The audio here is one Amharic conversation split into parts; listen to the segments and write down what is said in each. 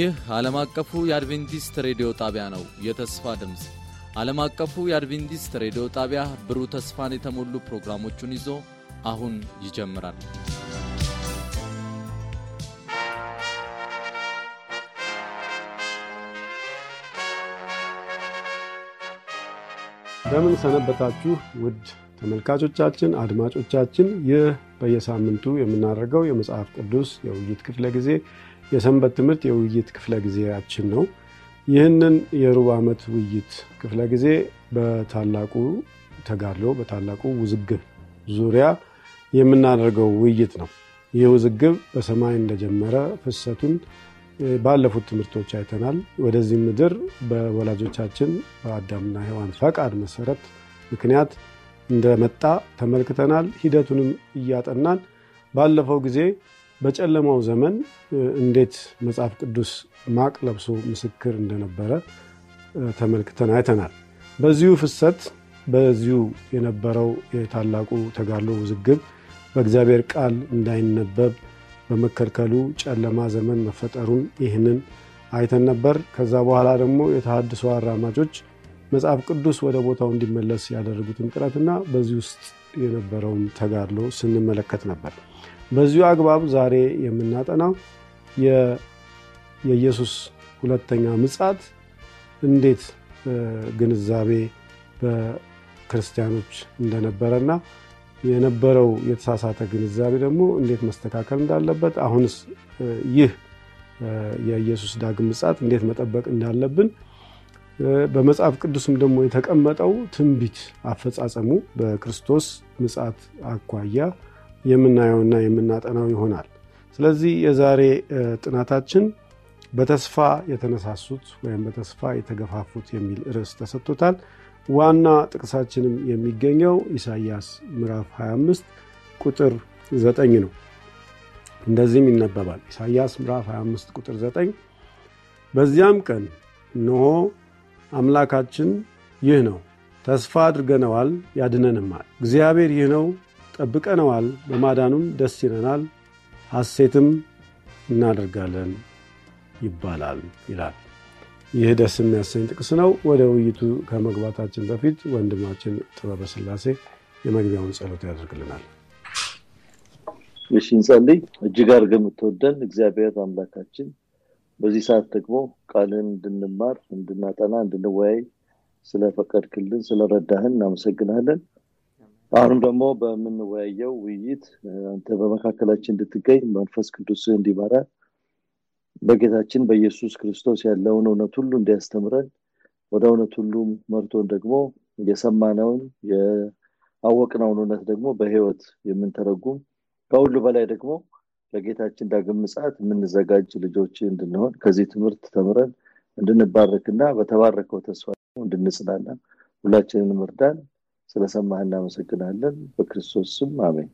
ይህ ዓለም አቀፉ የአድቬንቲስት ሬዲዮ ጣቢያ ነው። የተስፋ ድምፅ ዓለም አቀፉ የአድቬንቲስት ሬዲዮ ጣቢያ ብሩህ ተስፋን የተሞሉ ፕሮግራሞቹን ይዞ አሁን ይጀምራል። በምን ሰነበታችሁ ውድ ተመልካቾቻችን፣ አድማጮቻችን። ይህ በየሳምንቱ የምናደርገው የመጽሐፍ ቅዱስ የውይይት ክፍለ ጊዜ የሰንበት ትምህርት የውይይት ክፍለ ጊዜያችን ነው። ይህንን የሩብ ዓመት ውይይት ክፍለ ጊዜ በታላቁ ተጋድሎ በታላቁ ውዝግብ ዙሪያ የምናደርገው ውይይት ነው። ይህ ውዝግብ በሰማይ እንደጀመረ ፍሰቱን ባለፉት ትምህርቶች አይተናል። ወደዚህ ምድር በወላጆቻችን በአዳምና ሔዋን ፈቃድ መሰረት ምክንያት እንደመጣ ተመልክተናል። ሂደቱንም እያጠናን ባለፈው ጊዜ በጨለማው ዘመን እንዴት መጽሐፍ ቅዱስ ማቅ ለብሶ ምስክር እንደነበረ ተመልክተን አይተናል። በዚሁ ፍሰት በዚሁ የነበረው የታላቁ ተጋድሎ ውዝግብ በእግዚአብሔር ቃል እንዳይነበብ በመከልከሉ ጨለማ ዘመን መፈጠሩን ይህንን አይተን ነበር። ከዛ በኋላ ደግሞ የተሃድሶ አራማጆች መጽሐፍ ቅዱስ ወደ ቦታው እንዲመለስ ያደረጉትን ጥረትና በዚህ ውስጥ የነበረውን ተጋድሎ ስንመለከት ነበር። በዚሁ አግባብ ዛሬ የምናጠናው የኢየሱስ ሁለተኛ ምጻት እንዴት ግንዛቤ በክርስቲያኖች እንደነበረና የነበረው የተሳሳተ ግንዛቤ ደግሞ እንዴት መስተካከል እንዳለበት አሁንስ ይህ የኢየሱስ ዳግም ምጻት እንዴት መጠበቅ እንዳለብን በመጽሐፍ ቅዱስም ደግሞ የተቀመጠው ትንቢት አፈጻጸሙ በክርስቶስ ምጻት አኳያ የምናየውና የምናጠናው ይሆናል። ስለዚህ የዛሬ ጥናታችን በተስፋ የተነሳሱት ወይም በተስፋ የተገፋፉት የሚል ርዕስ ተሰጥቶታል። ዋና ጥቅሳችንም የሚገኘው ኢሳይያስ ምዕራፍ 25 ቁጥር 9 ነው። እንደዚህም ይነበባል። ኢሳይያስ ምዕራፍ 25 ቁጥር 9 በዚያም ቀን እነሆ አምላካችን ይህ ነው፣ ተስፋ አድርገነዋል፣ ያድነንማል። እግዚአብሔር ይህ ነው፣ ጠብቀነዋል። በማዳኑም ደስ ይለናል፣ ሐሴትም እናደርጋለን ይባላል ይላል። ይህ ደስ የሚያሰኝ ጥቅስ ነው። ወደ ውይይቱ ከመግባታችን በፊት ወንድማችን ጥበበ ስላሴ የመግቢያውን ጸሎት ያደርግልናል። እሺ እንጸልይ። እጅግ አድርገን የምትወደን እግዚአብሔር አምላካችን በዚህ ሰዓት ደግሞ ቃልህን እንድንማር፣ እንድናጠና፣ እንድንወያይ ስለፈቀድክልን ስለረዳህን እናመሰግናለን። አሁንም ደግሞ በምንወያየው ውይይት አንተ በመካከላችን እንድትገኝ መንፈስ ቅዱስ እንዲመራ በጌታችን በኢየሱስ ክርስቶስ ያለውን እውነት ሁሉ እንዲያስተምረን ወደ እውነት ሁሉ መርቶን ደግሞ የሰማነውን የአወቅነውን እውነት ደግሞ በህይወት የምንተረጉም ከሁሉ በላይ ደግሞ ለጌታችን ዳግም ምጽአት የምንዘጋጅ ልጆች እንድንሆን ከዚህ ትምህርት ተምረን እንድንባረክና በተባረከው ተስፋ እንድንጽናና ሁላችንን ምርዳን ስለሰማህ እናመሰግናለን። በክርስቶስ ስም አሜን።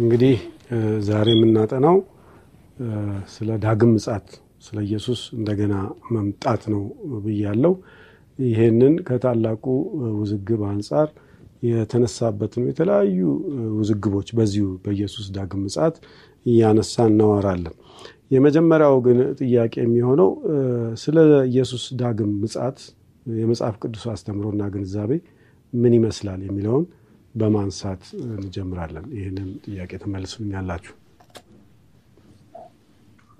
እንግዲህ ዛሬ የምናጠናው ስለ ዳግም ምጻት ስለ ኢየሱስ እንደገና መምጣት ነው ብያለው። ይህንን ከታላቁ ውዝግብ አንጻር የተነሳበትን የተለያዩ ውዝግቦች በዚሁ በኢየሱስ ዳግም ምጻት እያነሳ እናወራለን። የመጀመሪያው ግን ጥያቄ የሚሆነው ስለ ኢየሱስ ዳግም ምጻት የመጽሐፍ ቅዱስ አስተምሮና ግንዛቤ ምን ይመስላል የሚለውን በማንሳት እንጀምራለን። ይህንን ጥያቄ ትመልሱልኛላችሁ።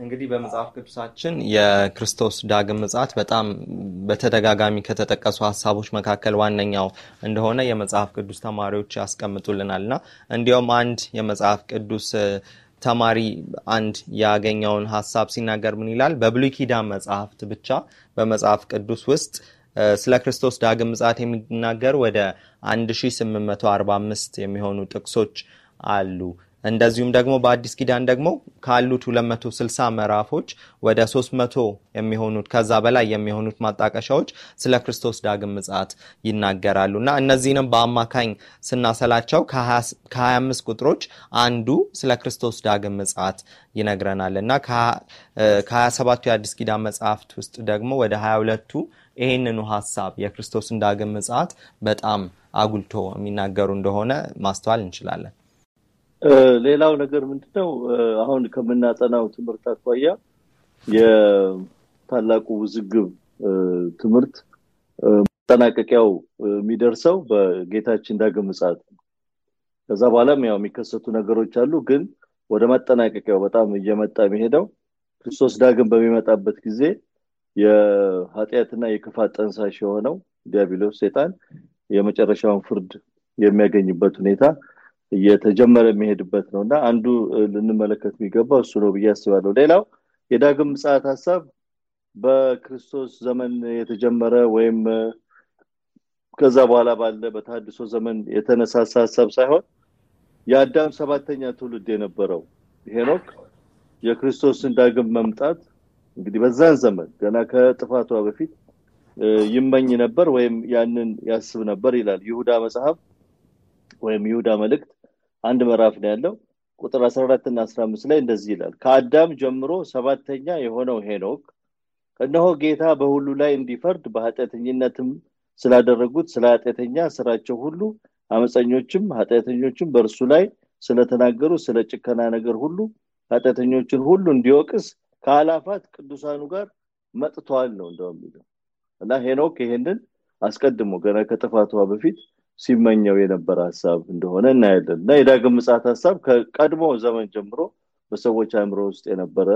እንግዲህ በመጽሐፍ ቅዱሳችን የክርስቶስ ዳግም ምጽአት በጣም በተደጋጋሚ ከተጠቀሱ ሀሳቦች መካከል ዋነኛው እንደሆነ የመጽሐፍ ቅዱስ ተማሪዎች ያስቀምጡልናል እና እንዲያውም አንድ የመጽሐፍ ቅዱስ ተማሪ አንድ ያገኘውን ሀሳብ ሲናገር ምን ይላል? በብሉይ ኪዳን መጽሐፍት ብቻ በመጽሐፍ ቅዱስ ውስጥ ስለ ክርስቶስ ዳግም ምጽአት የሚናገር ወደ 1845 የሚሆኑ ጥቅሶች አሉ። እንደዚሁም ደግሞ በአዲስ ኪዳን ደግሞ ካሉት 260 ምዕራፎች ወደ 300 የሚሆኑት ከዛ በላይ የሚሆኑት ማጣቀሻዎች ስለ ክርስቶስ ዳግም ምጽአት ይናገራሉ እና እነዚህንም በአማካኝ ስናሰላቸው ከ25 ቁጥሮች አንዱ ስለ ክርስቶስ ዳግም ምጽአት ይነግረናል እና ከ27ቱ የአዲስ ኪዳን መጽሐፍት ውስጥ ደግሞ ወደ 22ቱ ይህንኑ ሀሳብ የክርስቶስን ዳግም ምጽአት በጣም አጉልቶ የሚናገሩ እንደሆነ ማስተዋል እንችላለን። ሌላው ነገር ምንድነው? አሁን ከምናጠናው ትምህርት አኳያ የታላቁ ውዝግብ ትምህርት መጠናቀቂያው የሚደርሰው በጌታችን ዳግም ምጽአት ነው። ከዛ በኋላም ያው የሚከሰቱ ነገሮች አሉ። ግን ወደ መጠናቀቂያው በጣም እየመጣ የሚሄደው ክርስቶስ ዳግም በሚመጣበት ጊዜ የኃጢአትና የክፋት ጠንሳሽ የሆነው ዲያብሎስ ሴጣን የመጨረሻውን ፍርድ የሚያገኝበት ሁኔታ እየተጀመረ የሚሄድበት ነው እና አንዱ ልንመለከት የሚገባው እሱ ነው ብዬ አስባለሁ ሌላው የዳግም ምጽአት ሀሳብ በክርስቶስ ዘመን የተጀመረ ወይም ከዛ በኋላ ባለ በታድሶ ዘመን የተነሳሳ ሀሳብ ሳይሆን የአዳም ሰባተኛ ትውልድ የነበረው ሄኖክ የክርስቶስን ዳግም መምጣት እንግዲህ በዛን ዘመን ገና ከጥፋቷ በፊት ይመኝ ነበር ወይም ያንን ያስብ ነበር ይላል ይሁዳ መጽሐፍ ወይም ይሁዳ መልእክት አንድ ምዕራፍ ነው ያለው ቁጥር 14 እና 15 ላይ እንደዚህ ይላል ከአዳም ጀምሮ ሰባተኛ የሆነው ሄኖክ እነሆ ጌታ በሁሉ ላይ እንዲፈርድ በኃጢአተኝነትም ስላደረጉት ስለ ኃጢአተኛ ስራቸው ሁሉ አመፀኞችም ኃጢአተኞችም በእርሱ ላይ ስለተናገሩ ስለ ጭከና ነገር ሁሉ ኃጢአተኞችን ሁሉ እንዲወቅስ ከአላፋት ቅዱሳኑ ጋር መጥተዋል ነው እንደው የሚለው እና ሄኖክ ይሄንን አስቀድሞ ገና ከጥፋቷ በፊት ሲመኘው የነበረ ሀሳብ እንደሆነ እናያለን እና የዳግም ምጽት ሀሳብ ከቀድሞ ዘመን ጀምሮ በሰዎች አእምሮ ውስጥ የነበረ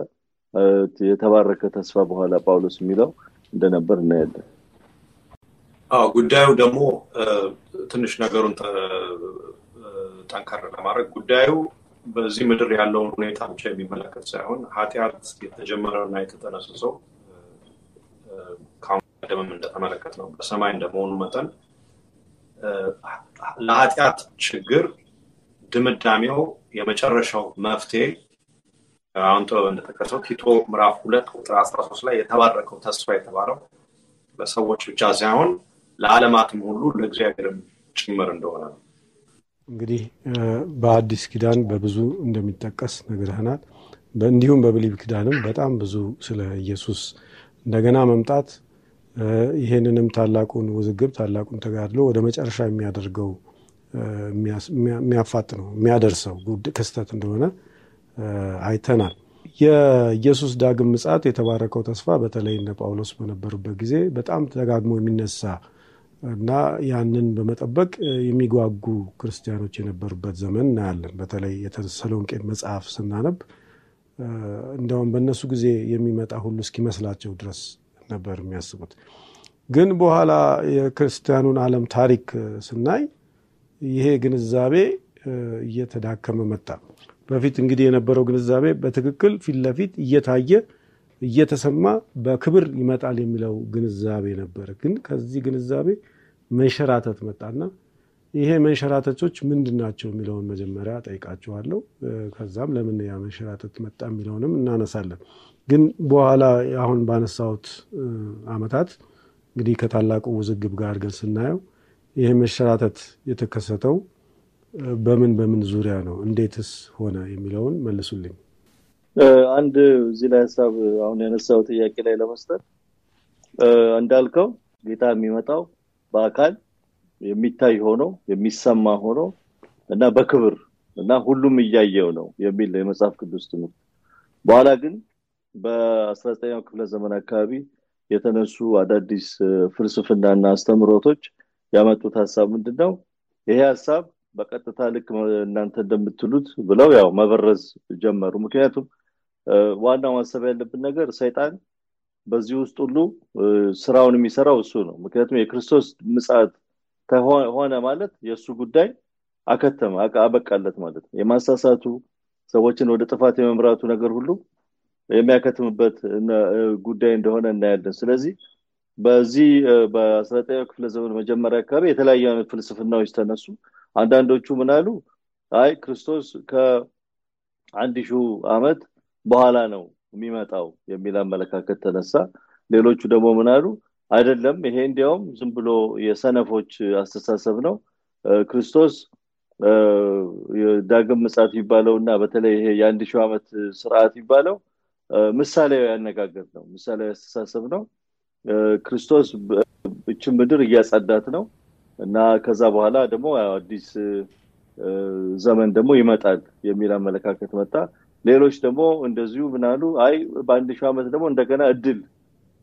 የተባረከ ተስፋ በኋላ ጳውሎስ የሚለው እንደነበር እናያለን ጉዳዩ ደግሞ ትንሽ ነገሩን ጠንከር ለማድረግ ጉዳዩ በዚህ ምድር ያለውን ሁኔታ ብቻ የሚመለከት ሳይሆን ኃጢአት የተጀመረና የተጠነሰሰው ከአሁን ቀደምም እንደተመለከት ነው በሰማይ እንደመሆኑ መጠን ለኃጢአት ችግር ድምዳሜው የመጨረሻው መፍትሄ አሁን ጥበብ እንደጠቀሰው ቲቶ ምዕራፍ ሁለት ቁጥር አስራ ሶስት ላይ የተባረከው ተስፋ የተባለው ለሰዎች ብቻ ሳይሆን ለዓለማትም ሁሉ ለእግዚአብሔርም ጭምር እንደሆነ ነው እንግዲህ በአዲስ ኪዳን በብዙ እንደሚጠቀስ ነግረህናል። እንዲሁም በብሉይ ኪዳንም በጣም ብዙ ስለ ኢየሱስ እንደገና መምጣት ይህንንም ታላቁን ውዝግብ ታላቁን ተጋድሎ ወደ መጨረሻ የሚያደርገው የሚያፋጥነው የሚያደርሰው ክስተት እንደሆነ አይተናል። የኢየሱስ ዳግም ምጻት የተባረከው ተስፋ በተለይ እነ ጳውሎስ በነበሩበት ጊዜ በጣም ተጋግሞ የሚነሳ እና ያንን በመጠበቅ የሚጓጉ ክርስቲያኖች የነበሩበት ዘመን እናያለን። በተለይ የተሰሎንቄ መጽሐፍ ስናነብ እንዲያውም በእነሱ ጊዜ የሚመጣ ሁሉ እስኪመስላቸው ድረስ ነበር የሚያስቡት። ግን በኋላ የክርስቲያኑን ዓለም ታሪክ ስናይ ይሄ ግንዛቤ እየተዳከመ መጣ። በፊት እንግዲህ የነበረው ግንዛቤ በትክክል ፊት ለፊት እየታየ እየተሰማ በክብር ይመጣል የሚለው ግንዛቤ ነበር። ግን ከዚህ ግንዛቤ መንሸራተት መጣና ይሄ መንሸራተቶች ምንድን ናቸው የሚለውን መጀመሪያ ጠይቃችኋለሁ። ከዛም ለምን ያ መንሸራተት መጣ የሚለውንም እናነሳለን። ግን በኋላ አሁን ባነሳሁት አመታት እንግዲህ ከታላቁ ውዝግብ ጋር ግን ስናየው ይሄ መሸራተት የተከሰተው በምን በምን ዙሪያ ነው፣ እንዴትስ ሆነ የሚለውን መልሱልኝ። አንድ እዚህ ላይ ሀሳብ አሁን ያነሳው ጥያቄ ላይ ለመስጠት እንዳልከው ጌታ የሚመጣው በአካል የሚታይ ሆኖ የሚሰማ ሆኖ እና በክብር እና ሁሉም እያየው ነው የሚል የመጽሐፍ ቅዱስ ትምህርት። በኋላ ግን በአስራዘጠኛው ክፍለ ዘመን አካባቢ የተነሱ አዳዲስ ፍልስፍናና አስተምሮቶች ያመጡት ሀሳብ ምንድን ነው? ይሄ ሀሳብ በቀጥታ ልክ እናንተ እንደምትሉት ብለው ያው መበረዝ ጀመሩ። ምክንያቱም ዋናው ማሰብ ያለብን ነገር ሰይጣን በዚህ ውስጥ ሁሉ ስራውን የሚሰራው እሱ ነው ምክንያቱም የክርስቶስ ምጽት ከሆነ ማለት የእሱ ጉዳይ አከተመ አበቃለት ማለት ነው የማሳሳቱ ሰዎችን ወደ ጥፋት የመምራቱ ነገር ሁሉ የሚያከትምበት ጉዳይ እንደሆነ እናያለን ስለዚህ በዚህ በአስራጠኛ ክፍለ ዘመን መጀመሪያ አካባቢ የተለያዩ አይነት ፍልስፍናዎች ተነሱ አንዳንዶቹ ምናሉ አይ ክርስቶስ ከአንድ ሺ ዓመት በኋላ ነው የሚመጣው የሚል አመለካከት ተነሳ። ሌሎቹ ደግሞ ምናሉ አይደለም ይሄ እንዲያውም ዝም ብሎ የሰነፎች አስተሳሰብ ነው። ክርስቶስ ዳግም ምጻት ይባለው እና በተለይ ይሄ የአንድ ሺህ ዓመት ስርዓት ይባለው ምሳሌ ያነጋገር ነው፣ ምሳሌ አስተሳሰብ ነው። ክርስቶስ እችን ምድር እያጸዳት ነው እና ከዛ በኋላ ደግሞ አዲስ ዘመን ደግሞ ይመጣል የሚል አመለካከት መጣ። ሌሎች ደግሞ እንደዚሁ ምናሉ አይ በአንድ ሺህ ዓመት ደግሞ እንደገና እድል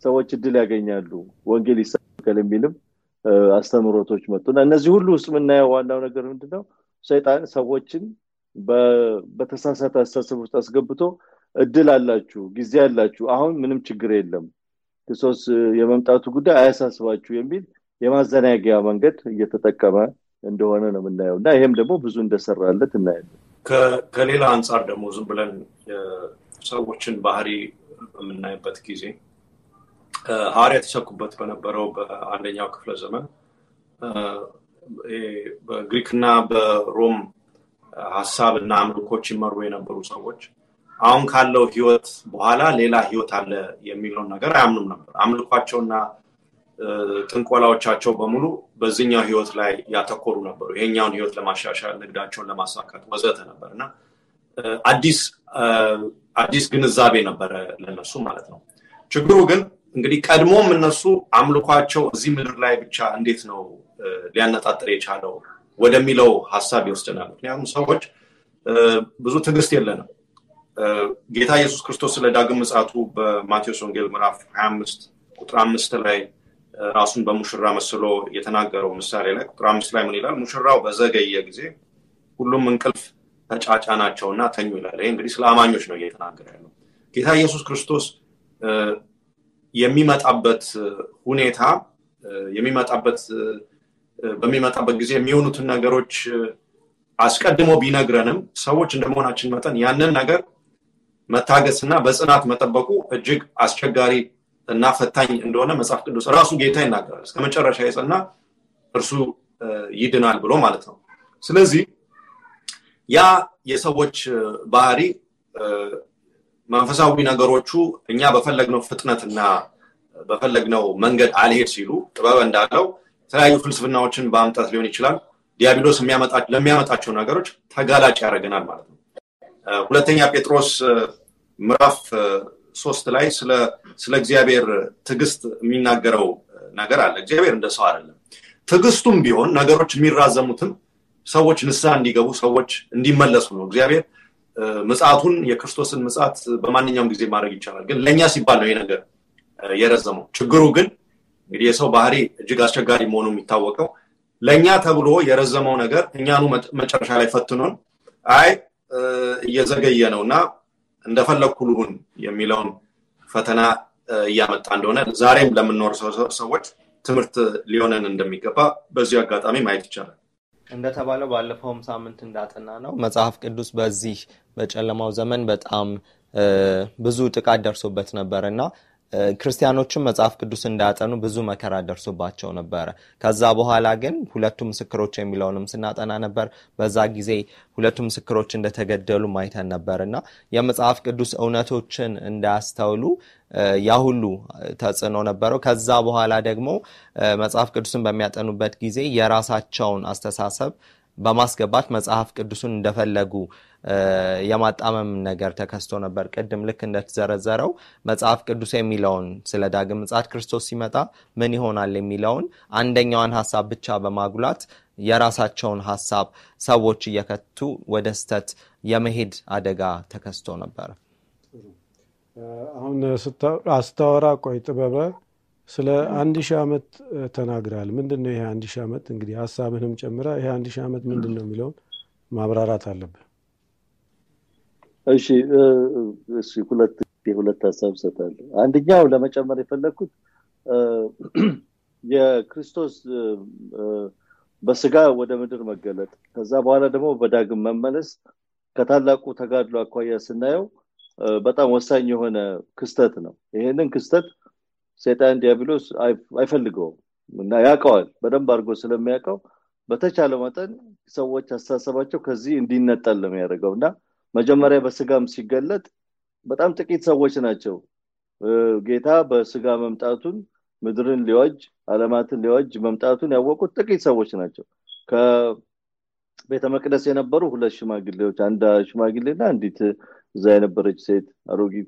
ሰዎች እድል ያገኛሉ ወንጌል ይሰበካል የሚልም አስተምሮቶች እና እነዚህ ሁሉ ውስጥ የምናየው ዋናው ነገር ምንድነው ሰይጣን ሰዎችን በተሳሳተ አስተሳሰብ ውስጥ አስገብቶ እድል አላችሁ ጊዜ አላችሁ አሁን ምንም ችግር የለም ክርስቶስ የመምጣቱ ጉዳይ አያሳስባችሁ የሚል የማዘናጊያ መንገድ እየተጠቀመ እንደሆነ ነው የምናየው እና ይሄም ደግሞ ብዙ እንደሰራለት እናያለን ከሌላ አንጻር ደግሞ ዝም ብለን ሰዎችን ባህሪ በምናይበት ጊዜ ሐዋርያ የተሰኩበት በነበረው በአንደኛው ክፍለ ዘመን በግሪክና በሮም ሀሳብ እና አምልኮች ይመሩ የነበሩ ሰዎች አሁን ካለው ህይወት በኋላ ሌላ ህይወት አለ የሚለውን ነገር አያምኑም ነበር። አምልኳቸውና ጥንቆላዎቻቸው በሙሉ በዚህኛው ህይወት ላይ ያተኮሩ ነበሩ። ይሄኛውን ህይወት ለማሻሻል ንግዳቸውን ለማሳካት ወዘተ ነበር እና አዲስ ግንዛቤ ነበረ ለነሱ ማለት ነው። ችግሩ ግን እንግዲህ ቀድሞም እነሱ አምልኳቸው እዚህ ምድር ላይ ብቻ እንዴት ነው ሊያነጣጥር የቻለው ወደሚለው ሀሳብ ይወስደናል። ምክንያቱም ሰዎች ብዙ ትዕግስት የለንም። ጌታ ኢየሱስ ክርስቶስ ስለ ዳግም ምጽአቱ በማቴዎስ ወንጌል ምዕራፍ 25 ቁጥር አምስት ላይ ራሱን በሙሽራ መስሎ የተናገረው ምሳሌ ላይ ቁጥር አምስት ላይ ምን ይላል? ሙሽራው በዘገየ ጊዜ ሁሉም እንቅልፍ ተጫጫ ናቸውና ተኙ ይላል። ይህ እንግዲህ ስለ አማኞች ነው እየተናገረ ያለው። ጌታ ኢየሱስ ክርስቶስ የሚመጣበት ሁኔታ የሚመጣበት በሚመጣበት ጊዜ የሚሆኑትን ነገሮች አስቀድሞ ቢነግረንም ሰዎች እንደመሆናችን መጠን ያንን ነገር መታገስና በጽናት መጠበቁ እጅግ አስቸጋሪ እና ፈታኝ እንደሆነ መጽሐፍ ቅዱስ ራሱ ጌታ ይናገራል። እስከ መጨረሻ የጸና እርሱ ይድናል ብሎ ማለት ነው። ስለዚህ ያ የሰዎች ባህሪ መንፈሳዊ ነገሮቹ እኛ በፈለግነው ፍጥነትና በፈለግነው መንገድ አልሄድ ሲሉ ጥበብ እንዳለው የተለያዩ ፍልስፍናዎችን በአምጣት ሊሆን ይችላል። ዲያብሎስ ለሚያመጣቸው ነገሮች ተጋላጭ ያደርገናል ማለት ነው። ሁለተኛ ጴጥሮስ ምዕራፍ ሶስት ላይ ስለ እግዚአብሔር ትዕግስት የሚናገረው ነገር አለ እግዚአብሔር እንደ ሰው አይደለም ትዕግስቱም ቢሆን ነገሮች የሚራዘሙትም ሰዎች ንስሐ እንዲገቡ ሰዎች እንዲመለሱ ነው እግዚአብሔር ምጽቱን የክርስቶስን ምጽት በማንኛውም ጊዜ ማድረግ ይቻላል ግን ለእኛ ሲባል ነው ይህ ነገር የረዘመው ችግሩ ግን እንግዲህ የሰው ባህሪ እጅግ አስቸጋሪ መሆኑ የሚታወቀው ለእኛ ተብሎ የረዘመው ነገር እኛኑ መጨረሻ ላይ ፈትኖን አይ እየዘገየ ነው እና እንደፈለግኩ ልሁን የሚለውን ፈተና እያመጣ እንደሆነ ዛሬም ለምንኖር ሰዎች ትምህርት ሊሆነን እንደሚገባ በዚሁ አጋጣሚ ማየት ይቻላል። እንደተባለው ባለፈውም ሳምንት እንዳጠና ነው መጽሐፍ ቅዱስ በዚህ በጨለማው ዘመን በጣም ብዙ ጥቃት ደርሶበት ነበር እና ክርስቲያኖችን መጽሐፍ ቅዱስ እንዳያጠኑ ብዙ መከራ ደርሶባቸው ነበረ። ከዛ በኋላ ግን ሁለቱ ምስክሮች የሚለውንም ስናጠና ነበር። በዛ ጊዜ ሁለቱ ምስክሮች እንደተገደሉ ማይተን ነበር እና የመጽሐፍ ቅዱስ እውነቶችን እንዳያስተውሉ ያ ሁሉ ተጽዕኖ ነበረው። ከዛ በኋላ ደግሞ መጽሐፍ ቅዱስን በሚያጠኑበት ጊዜ የራሳቸውን አስተሳሰብ በማስገባት መጽሐፍ ቅዱሱን እንደፈለጉ የማጣመም ነገር ተከስቶ ነበር። ቅድም ልክ እንደተዘረዘረው መጽሐፍ ቅዱስ የሚለውን ስለ ዳግም ምጽአት ክርስቶስ ሲመጣ ምን ይሆናል የሚለውን አንደኛዋን ሀሳብ ብቻ በማጉላት የራሳቸውን ሀሳብ ሰዎች እየከቱ ወደ ስተት የመሄድ አደጋ ተከስቶ ነበር። አሁን ስታወራ ቆይ ጥበበ ስለ አንድ ሺህ ዓመት ተናግራል። ምንድን ነው ይሄ አንድ ሺህ ዓመት? እንግዲህ ሀሳብህንም ጨምረ ይሄ አንድ ሺህ ዓመት ምንድን ነው የሚለውን ማብራራት አለብህ። እሺ፣ እሺ ሁለት የሁለት ሀሳብ እሰጣለሁ። አንደኛው ለመጨመር የፈለግኩት የክርስቶስ በስጋ ወደ ምድር መገለጥ ከዛ በኋላ ደግሞ በዳግም መመለስ ከታላቁ ተጋድሎ አኳያ ስናየው በጣም ወሳኝ የሆነ ክስተት ነው። ይህንን ክስተት ሴጣን ዲያብሎስ አይፈልገውም እና ያውቀዋል በደንብ አድርጎ ስለሚያውቀው በተቻለ መጠን ሰዎች አስተሳሰባቸው ከዚህ እንዲነጠል ነው እና መጀመሪያ በስጋም ሲገለጥ በጣም ጥቂት ሰዎች ናቸው ጌታ በስጋ መምጣቱን ምድርን ሊወጅ አለማትን ሊወጅ መምጣቱን ያወቁት ጥቂት ሰዎች ናቸው ከቤተ መቅደስ የነበሩ ሁለት ሽማግሌዎች አንድ ሽማግሌና አንዲት እዛ የነበረች ሴት አሮጊት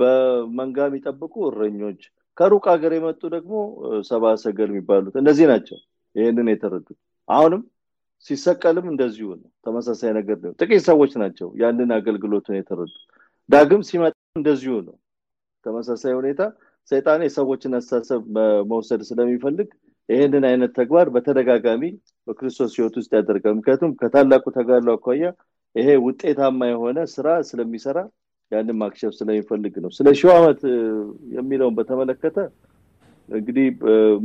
በመንጋ የሚጠብቁ እረኞች፣ ከሩቅ ሀገር የመጡ ደግሞ ሰባ ሰገል የሚባሉት እነዚህ ናቸው። ይህንን የተረዱት አሁንም ሲሰቀልም እንደዚሁ ነው። ተመሳሳይ ነገር ነው። ጥቂት ሰዎች ናቸው ያንን አገልግሎትን የተረዱት። ዳግም ሲመጣ እንደዚሁ ነው። ተመሳሳይ ሁኔታ ሰይጣን የሰዎችን አስተሳሰብ መውሰድ ስለሚፈልግ ይህንን አይነት ተግባር በተደጋጋሚ በክርስቶስ ህይወት ውስጥ ያደርጋል። ምክንያቱም ከታላቁ ተጋሉ አኳያ ይሄ ውጤታማ የሆነ ስራ ስለሚሰራ ያንን ማክሸፍ ስለሚፈልግ ነው። ስለ ሺው ዓመት የሚለውን በተመለከተ እንግዲህ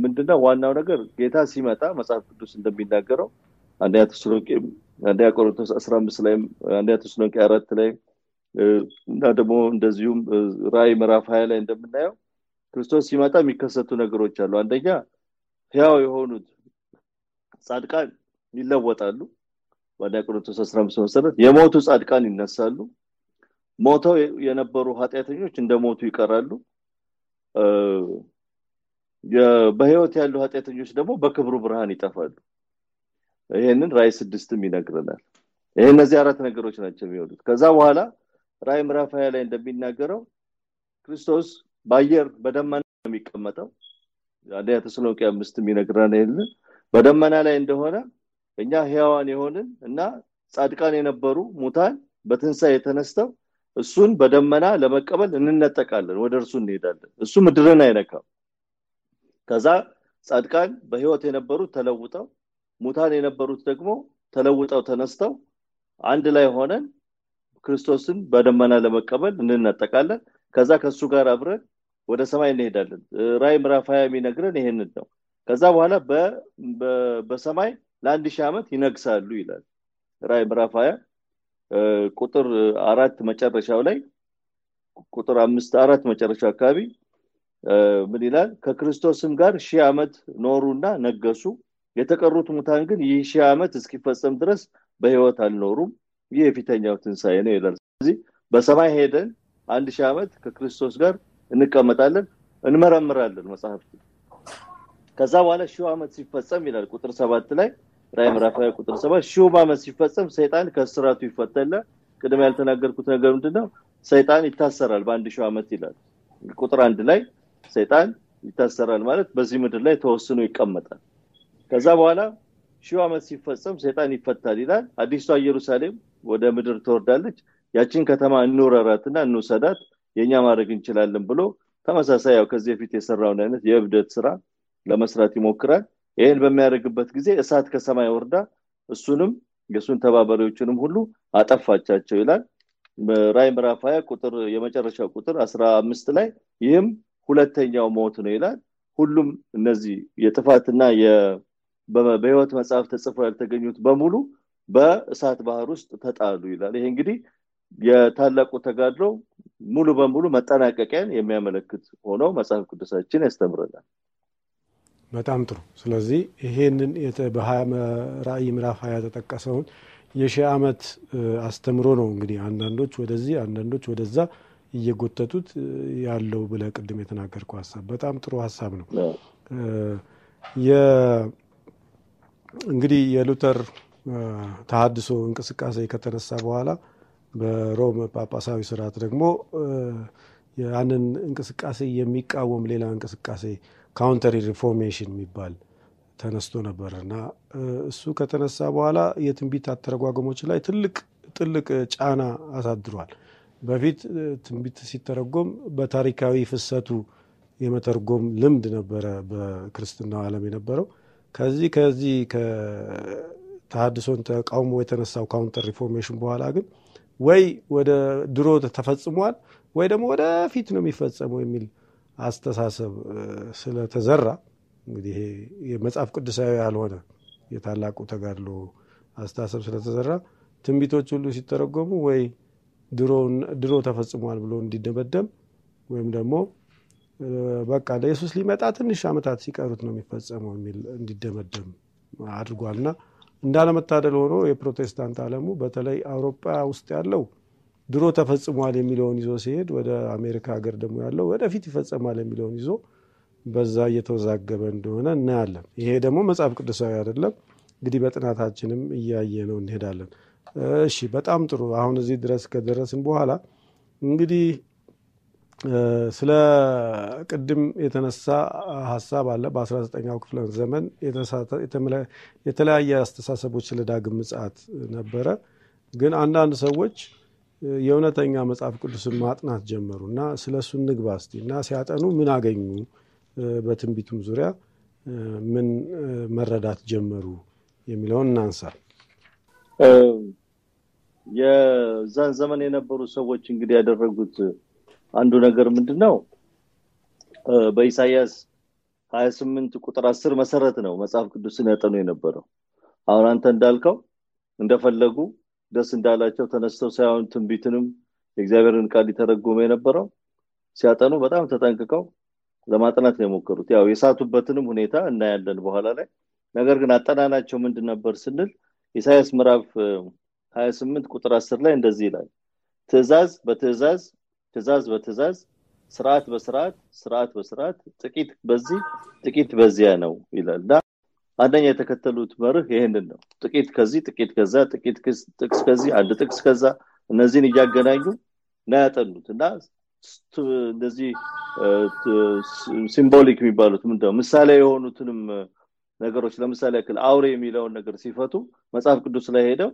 ምንድነው ዋናው ነገር ጌታ ሲመጣ መጽሐፍ ቅዱስ እንደሚናገረው አንደኛ ተስሎቄ አንደኛ ቆሮንቶስ አስራ አምስት ላይም አንደኛ ተስሎቄ አራት ላይ እና ደግሞ እንደዚሁም ራእይ ምዕራፍ ሀያ ላይ እንደምናየው ክርስቶስ ሲመጣ የሚከሰቱ ነገሮች አሉ። አንደኛ ህያው የሆኑት ጻድቃን ይለወጣሉ። በአንደኛ ቆሮንቶስ አስራ አምስት መሰረት የሞቱ ጻድቃን ይነሳሉ። ሞተው የነበሩ ኃጢአተኞች እንደ ሞቱ ይቀራሉ። በህይወት ያሉ ኃጢአተኞች ደግሞ በክብሩ ብርሃን ይጠፋሉ። ይህንን ራይ ስድስትም ይነግረናል። ይህ እነዚህ አራት ነገሮች ናቸው የሚወዱት ከዛ በኋላ ራይ ምራፍ ሀያ ላይ እንደሚናገረው ክርስቶስ በአየር በደመና የሚቀመጠው አንደኛ ተሰሎንቄ አምስትም ይነግረናል። ይህንን በደመና ላይ እንደሆነ እኛ ህያዋን የሆንን እና ጻድቃን የነበሩ ሙታን በትንሳ የተነስተው እሱን በደመና ለመቀበል እንነጠቃለን፣ ወደ እርሱ እንሄዳለን። እሱ ምድርን አይነካም። ከዛ ጻድቃን በህይወት የነበሩት ተለውጠው፣ ሙታን የነበሩት ደግሞ ተለውጠው ተነስተው አንድ ላይ ሆነን ክርስቶስን በደመና ለመቀበል እንነጠቃለን። ከዛ ከሱ ጋር አብረን ወደ ሰማይ እንሄዳለን። ራይ ምራፍ ሀያ የሚነግረን ይሄንን ነው። ከዛ በኋላ በሰማይ ለአንድ ሺህ ዓመት ይነግሳሉ ይላል ራይ ምራፍ ሀያ ቁጥር አራት መጨረሻው ላይ ቁጥር አምስት አራት መጨረሻው አካባቢ ምን ይላል? ከክርስቶስም ጋር ሺህ ዓመት ኖሩና ነገሱ። የተቀሩት ሙታን ግን ይህ ሺህ ዓመት እስኪፈጸም ድረስ በህይወት አልኖሩም። ይህ የፊተኛው ትንሣኤ ነው ይላል። ስለዚህ በሰማይ ሄደን አንድ ሺህ ዓመት ከክርስቶስ ጋር እንቀመጣለን፣ እንመረምራለን መጽሐፍት። ከዛ በኋላ ሺህ ዓመት ሲፈጸም ይላል ቁጥር ሰባት ላይ ራይ ምዕራፍ ቁጥር ሰባት ሺው ዓመት ሲፈጸም ሰይጣን ከስራቱ ይፈተለ ቅድም ያልተናገርኩት ነገር ምንድነው? ሰይጣን ይታሰራል በአንድ ሺው ዓመት ይላል። ቁጥር አንድ ላይ ሰይጣን ይታሰራል ማለት በዚህ ምድር ላይ ተወስኖ ይቀመጣል። ከዛ በኋላ ሺው ዓመት ሲፈጸም ሰይጣን ይፈታል ይላል። አዲሷ ኢየሩሳሌም ወደ ምድር ትወርዳለች። ያችን ከተማ እንውረራትና እንውሰዳት የእኛ ማድረግ እንችላለን ብሎ ተመሳሳይ ያው ከዚህ በፊት የሰራውን አይነት የእብደት ስራ ለመስራት ይሞክራል። ይህን በሚያደርግበት ጊዜ እሳት ከሰማይ ወርዳ እሱንም የእሱን ተባባሪዎችንም ሁሉ አጠፋቻቸው ይላል ራይ ምዕራፍ ሀያ ቁጥር የመጨረሻ ቁጥር አስራ አምስት ላይ ይህም ሁለተኛው ሞት ነው ይላል ሁሉም እነዚህ የጥፋትና በህይወት መጽሐፍ ተጽፈው ያልተገኙት በሙሉ በእሳት ባህር ውስጥ ተጣሉ ይላል ይሄ እንግዲህ የታላቁ ተጋድሎ ሙሉ በሙሉ መጠናቀቂያን የሚያመለክት ሆኖ መጽሐፍ ቅዱሳችን ያስተምረናል በጣም ጥሩ። ስለዚህ ይሄንን በራእይ ምዕራፍ ሀያ የተጠቀሰውን የሺህ ዓመት አስተምሮ ነው እንግዲህ አንዳንዶች ወደዚህ አንዳንዶች ወደዛ እየጎተቱት ያለው ብለ ቅድም የተናገርከው ሀሳብ በጣም ጥሩ ሀሳብ ነው። እንግዲህ የሉተር ተሀድሶ እንቅስቃሴ ከተነሳ በኋላ በሮም ጳጳሳዊ ስርዓት ደግሞ ያንን እንቅስቃሴ የሚቃወም ሌላ እንቅስቃሴ ካውንተሪ ሪፎርሜሽን የሚባል ተነስቶ ነበር እና እሱ ከተነሳ በኋላ የትንቢት አተረጓጎሞች ላይ ትልቅ ትልቅ ጫና አሳድሯል። በፊት ትንቢት ሲተረጎም በታሪካዊ ፍሰቱ የመተርጎም ልምድ ነበረ በክርስትናው ዓለም የነበረው። ከዚህ ከዚህ ከተሃድሶን ተቃውሞ የተነሳው ካውንተር ሪፎርሜሽን በኋላ ግን ወይ ወደ ድሮ ተፈጽሟል ወይ ደግሞ ወደፊት ነው የሚፈጸመው የሚል አስተሳሰብ ስለተዘራ እንግዲህ የመጽሐፍ ቅዱሳዊ ያልሆነ የታላቁ ተጋድሎ አስተሳሰብ ስለተዘራ ትንቢቶች ሁሉ ሲተረጎሙ ወይ ድሮ ተፈጽሟል ብሎ እንዲደመደም ወይም ደግሞ በቃ ለኢየሱስ ሊመጣ ትንሽ ዓመታት ሲቀሩት ነው የሚፈጸመው የሚል እንዲደመደም አድርጓልና እንዳለመታደል ሆኖ የፕሮቴስታንት ዓለሙ በተለይ አውሮፓ ውስጥ ያለው ድሮ ተፈጽሟል የሚለውን ይዞ ሲሄድ ወደ አሜሪካ ሀገር ደግሞ ያለው ወደፊት ይፈጸማል የሚለውን ይዞ በዛ እየተወዛገበ እንደሆነ እናያለን። ይሄ ደግሞ መጽሐፍ ቅዱሳዊ አይደለም። እንግዲህ በጥናታችንም እያየ ነው እንሄዳለን። እሺ፣ በጣም ጥሩ። አሁን እዚህ ድረስ ከደረስን በኋላ እንግዲህ ስለ ቅድም የተነሳ ሀሳብ አለ። በ19ኛው ክፍለ ዘመን የተለያየ አስተሳሰቦች ስለ ዳግም ምጽአት ነበረ። ግን አንዳንድ ሰዎች የእውነተኛ መጽሐፍ ቅዱስን ማጥናት ጀመሩ እና ስለ እሱ ንግባ እስቲ እና ሲያጠኑ ምን አገኙ፣ በትንቢቱም ዙሪያ ምን መረዳት ጀመሩ የሚለውን እናንሳ። የዛን ዘመን የነበሩ ሰዎች እንግዲህ ያደረጉት አንዱ ነገር ምንድን ነው? በኢሳያስ ሀያ ስምንት ቁጥር አስር መሰረት ነው መጽሐፍ ቅዱስን ያጠኑ የነበረው። አሁን አንተ እንዳልከው እንደፈለጉ ደስ እንዳላቸው ተነስተው ሳይሆን ትንቢትንም የእግዚአብሔርን ቃል ሊተረጎመ የነበረው ሲያጠኑ በጣም ተጠንቅቀው ለማጥናት ነው የሞከሩት። ያው የሳቱበትንም ሁኔታ እናያለን በኋላ ላይ። ነገር ግን አጠናናቸው ምንድን ነበር ስንል ኢሳያስ ምዕራፍ 28 ቁጥር 10 ላይ እንደዚህ ይላል፣ ትእዛዝ በትእዛዝ ትእዛዝ በትእዛዝ ስርዓት በስርዓት ስርዓት በስርዓት ጥቂት በዚህ ጥቂት በዚያ ነው ይላል። አንደኛ የተከተሉት መርህ ይህንን ነው ጥቂት ከዚህ ጥቂት ከዛ ጥቂት ጥቅስ ከዚህ አንድ ጥቅስ ከዛ እነዚህን እያገናኙ ና ያጠኑት እና እንደዚህ ሲምቦሊክ የሚባሉት ምንድነው ምሳሌ የሆኑትንም ነገሮች ለምሳሌ ያክል አውሬ የሚለውን ነገር ሲፈቱ መጽሐፍ ቅዱስ ላይ ሄደው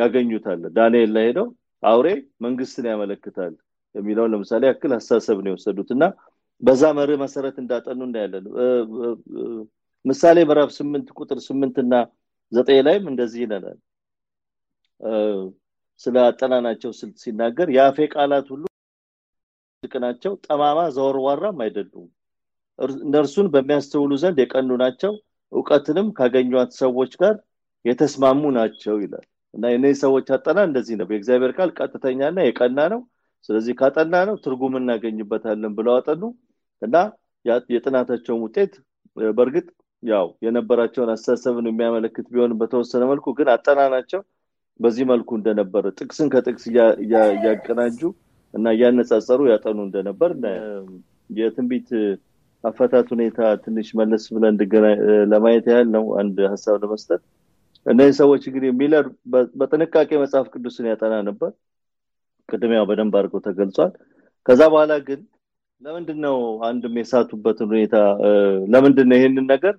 ያገኙታል ዳንኤል ላይ ሄደው አውሬ መንግስትን ያመለክታል የሚለውን ለምሳሌ ያክል ሀሳሰብ ነው የወሰዱት እና በዛ መርህ መሰረት እንዳጠኑ እናያለን ምሳሌ ምዕራፍ ስምንት ቁጥር 8 እና ዘጠኝ ላይም እንደዚህ ይለናል ስለ አጠናናቸው ስልት ሲናገር የአፌ ቃላት ሁሉ ናቸው ጠማማ ዘወርዋራም አይደሉም እነርሱን በሚያስተውሉ ዘንድ የቀኑ ናቸው እውቀትንም ካገኟት ሰዎች ጋር የተስማሙ ናቸው ይላል እና እነዚህ ሰዎች አጠና እንደዚህ ነው የእግዚአብሔር ቃል ቀጥተኛና የቀና ነው ስለዚህ ካጠና ነው ትርጉም እናገኝበታለን ብለው አጠኑ እና የጥናታቸውን ውጤት በእርግጥ ያው የነበራቸውን አስተሳሰብን የሚያመለክት ቢሆን በተወሰነ መልኩ ግን አጠናናቸው በዚህ መልኩ እንደነበር ጥቅስን ከጥቅስ እያቀናጁ እና እያነጻጸሩ ያጠኑ እንደነበር የትንቢት አፈታት ሁኔታ ትንሽ መለስ ብለን ለማየት ያህል ነው አንድ ሀሳብ ለመስጠት እነዚህ ሰዎች እንግዲህ ሚለር በጥንቃቄ መጽሐፍ ቅዱስን ያጠና ነበር ቅድሚያው በደንብ አድርገው ተገልጿል ከዛ በኋላ ግን ለምንድን ነው አንድም የሳቱበትን ሁኔታ ለምንድን ነው ይህንን ነገር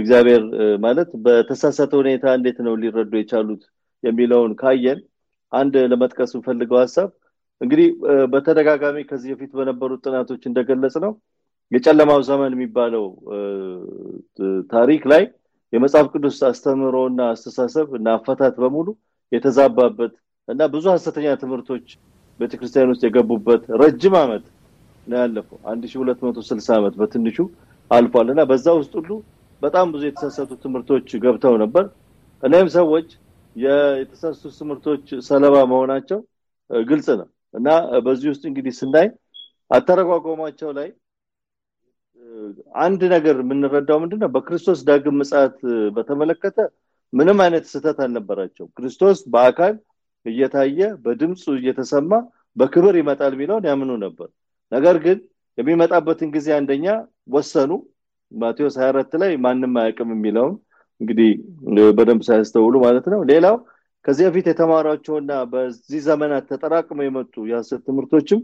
እግዚአብሔር ማለት በተሳሳተ ሁኔታ እንዴት ነው ሊረዱ የቻሉት የሚለውን ካየን አንድ ለመጥቀስ ፈልገው ሀሳብ እንግዲህ በተደጋጋሚ ከዚህ በፊት በነበሩት ጥናቶች እንደገለጽ ነው የጨለማው ዘመን የሚባለው ታሪክ ላይ የመጽሐፍ ቅዱስ እና አስተሳሰብ እና አፈታት በሙሉ የተዛባበት እና ብዙ ሀሰተኛ ትምህርቶች ቤተክርስቲያን ውስጥ የገቡበት ረጅም ዓመት ነው ያለፈው አንድ ሺ ሁለት መቶ ስልሳ ዓመት በትንሹ አልፏል እና በዛ ውስጥ ሁሉ በጣም ብዙ የተሳሳቱ ትምህርቶች ገብተው ነበር። እኔም ሰዎች የተሳሳቱ ትምህርቶች ሰለባ መሆናቸው ግልጽ ነው እና በዚህ ውስጥ እንግዲህ ስናይ አተረጓጓማቸው ላይ አንድ ነገር የምንረዳው ምንድነው በክርስቶስ ዳግም ምጽአት በተመለከተ ምንም አይነት ስህተት አልነበራቸው። ክርስቶስ በአካል እየታየ በድምፁ እየተሰማ በክብር ይመጣል ቢለውን ያምኑ ነበር። ነገር ግን የሚመጣበትን ጊዜ አንደኛ ወሰኑ፣ ማቴዎስ 24 ላይ ማንም አያውቅም የሚለውን እንግዲህ በደንብ ሳያስተውሉ ማለት ነው ሌላው ከዚህ በፊት የተማሯቸውና በዚህ ዘመናት ተጠራቅመው የመጡ የሐሰት ትምህርቶችም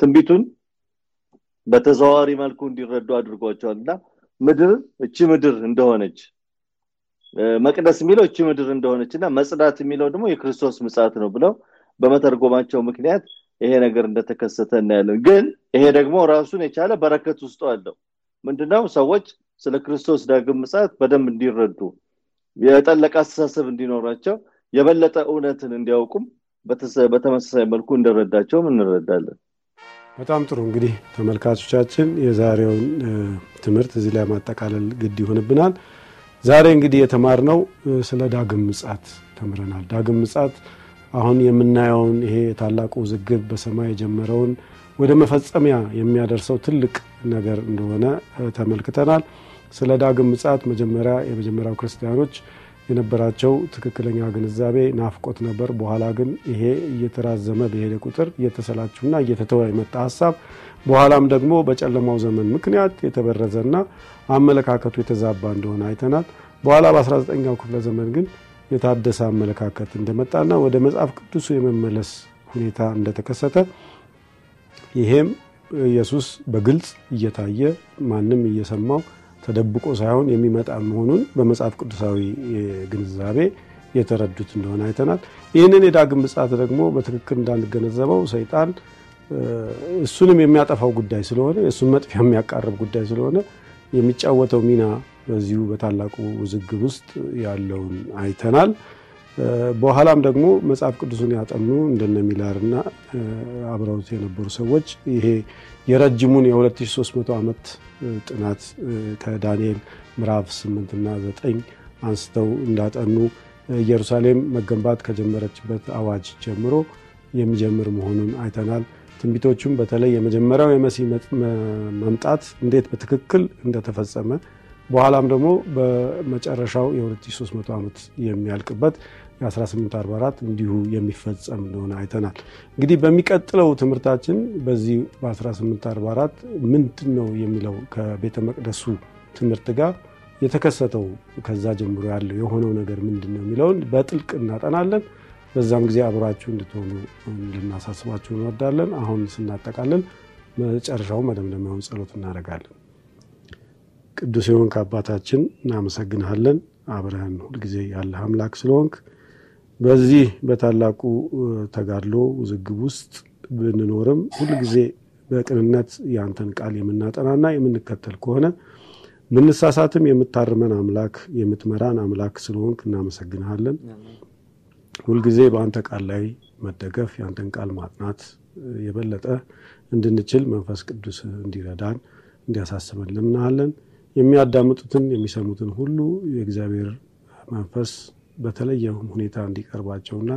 ትንቢቱን በተዘዋዋሪ መልኩ እንዲረዱ እና ምድር እቺ ምድር እንደሆነች መቅደስ የሚለው እቺ ምድር እንደሆነችና መጽዳት የሚለው ደግሞ የክርስቶስ ምጽት ነው ብለው በመተርጎማቸው ምክንያት ይሄ ነገር እንደተከሰተ እናያለን ግን ይሄ ደግሞ ራሱን የቻለ በረከት ውስጡ አለው ምንድነው ሰዎች ስለ ክርስቶስ ዳግም ምጽአት በደንብ እንዲረዱ የጠለቀ አስተሳሰብ እንዲኖራቸው የበለጠ እውነትን እንዲያውቁም በተመሳሳይ መልኩ እንደረዳቸውም እንረዳለን በጣም ጥሩ እንግዲህ ተመልካቾቻችን የዛሬውን ትምህርት እዚህ ላይ ማጠቃለል ግድ ይሆንብናል ዛሬ እንግዲህ የተማርነው ስለ ዳግም ምጻት ተምረናል ዳግም ምጻት አሁን የምናየውን ይሄ የታላቁ ውዝግብ በሰማይ የጀመረውን ወደ መፈጸሚያ የሚያደርሰው ትልቅ ነገር እንደሆነ ተመልክተናል። ስለ ዳግም ምጽአት መጀመሪያ የመጀመሪያው ክርስቲያኖች የነበራቸው ትክክለኛ ግንዛቤ ናፍቆት ነበር። በኋላ ግን ይሄ እየተራዘመ በሄደ ቁጥር እየተሰላችሁና እየተተወ የመጣ ሀሳብ በኋላም ደግሞ በጨለማው ዘመን ምክንያት የተበረዘና አመለካከቱ የተዛባ እንደሆነ አይተናል። በኋላ በ19ኛው ክፍለ ዘመን ግን የታደሰ አመለካከት እንደመጣና ወደ መጽሐፍ ቅዱሱ የመመለስ ሁኔታ እንደተከሰተ ይሄም ኢየሱስ በግልጽ እየታየ ማንም እየሰማው ተደብቆ ሳይሆን የሚመጣ መሆኑን በመጽሐፍ ቅዱሳዊ ግንዛቤ የተረዱት እንደሆነ አይተናል። ይህንን የዳግም ምጽአት ደግሞ በትክክል እንዳንገነዘበው ሰይጣን እሱንም የሚያጠፋው ጉዳይ ስለሆነ እሱን መጥፊያ የሚያቃርብ ጉዳይ ስለሆነ የሚጫወተው ሚና በዚሁ በታላቁ ውዝግብ ውስጥ ያለውን አይተናል። በኋላም ደግሞ መጽሐፍ ቅዱስን ያጠኑ እንደነ ሚላርና አብረውት የነበሩ ሰዎች ይሄ የረጅሙን የ2300 ዓመት ጥናት ከዳንኤል ምዕራፍ 8 እና 9 አንስተው እንዳጠኑ ኢየሩሳሌም መገንባት ከጀመረችበት አዋጅ ጀምሮ የሚጀምር መሆኑን አይተናል። ትንቢቶቹም በተለይ የመጀመሪያው የመሲህ መምጣት እንዴት በትክክል እንደተፈጸመ በኋላም ደግሞ በመጨረሻው የ2300 ዓመት የሚያልቅበት የ1844 እንዲሁ የሚፈጸም እንደሆነ አይተናል። እንግዲህ በሚቀጥለው ትምህርታችን በዚህ በ1844 ምንድን ነው የሚለው ከቤተ መቅደሱ ትምህርት ጋር የተከሰተው ከዛ ጀምሮ ያለው የሆነው ነገር ምንድን ነው የሚለውን በጥልቅ እናጠናለን። በዛም ጊዜ አብራችሁ እንድትሆኑ ልናሳስባችሁ እንወዳለን። አሁን ስናጠቃለን መጨረሻው መደምደሚያውን ጸሎት እናደርጋለን። ቅዱስ የሆንክ አባታችን እናመሰግንሃለን። አብረህን ሁልጊዜ ያለህ አምላክ ስለሆንክ በዚህ በታላቁ ተጋድሎ ውዝግብ ውስጥ ብንኖርም ሁልጊዜ በቅንነት የአንተን ቃል የምናጠናና የምንከተል ከሆነ ምንሳሳትም የምታርመን አምላክ የምትመራን አምላክ ስለሆንክ እናመሰግንሃለን። ሁልጊዜ በአንተ ቃል ላይ መደገፍ የአንተን ቃል ማጥናት የበለጠ እንድንችል መንፈስ ቅዱስ እንዲረዳን እንዲያሳስበን ለምናሃለን። የሚያዳምጡትን የሚሰሙትን ሁሉ የእግዚአብሔር መንፈስ በተለየ ሁኔታ እንዲቀርባቸውና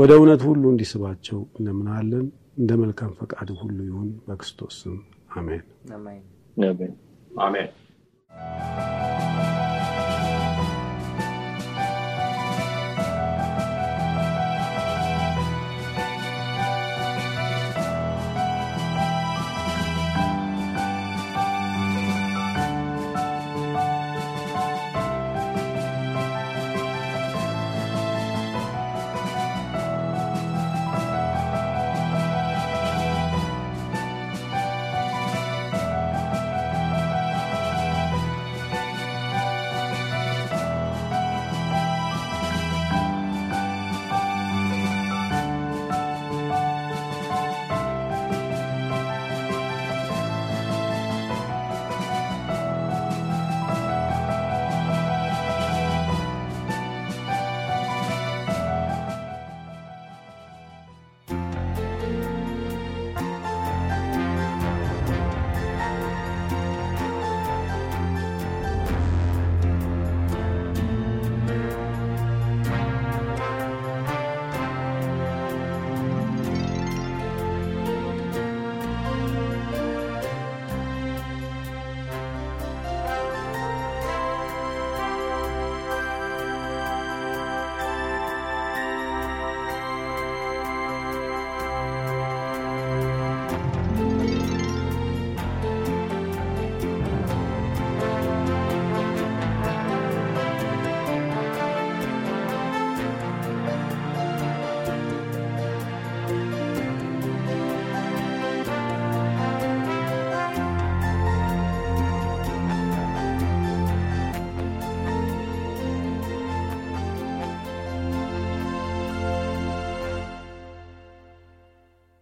ወደ እውነት ሁሉ እንዲስባቸው እንምናለን። እንደ መልካም ፈቃድ ሁሉ ይሁን። በክርስቶስ ስም አሜን አሜን።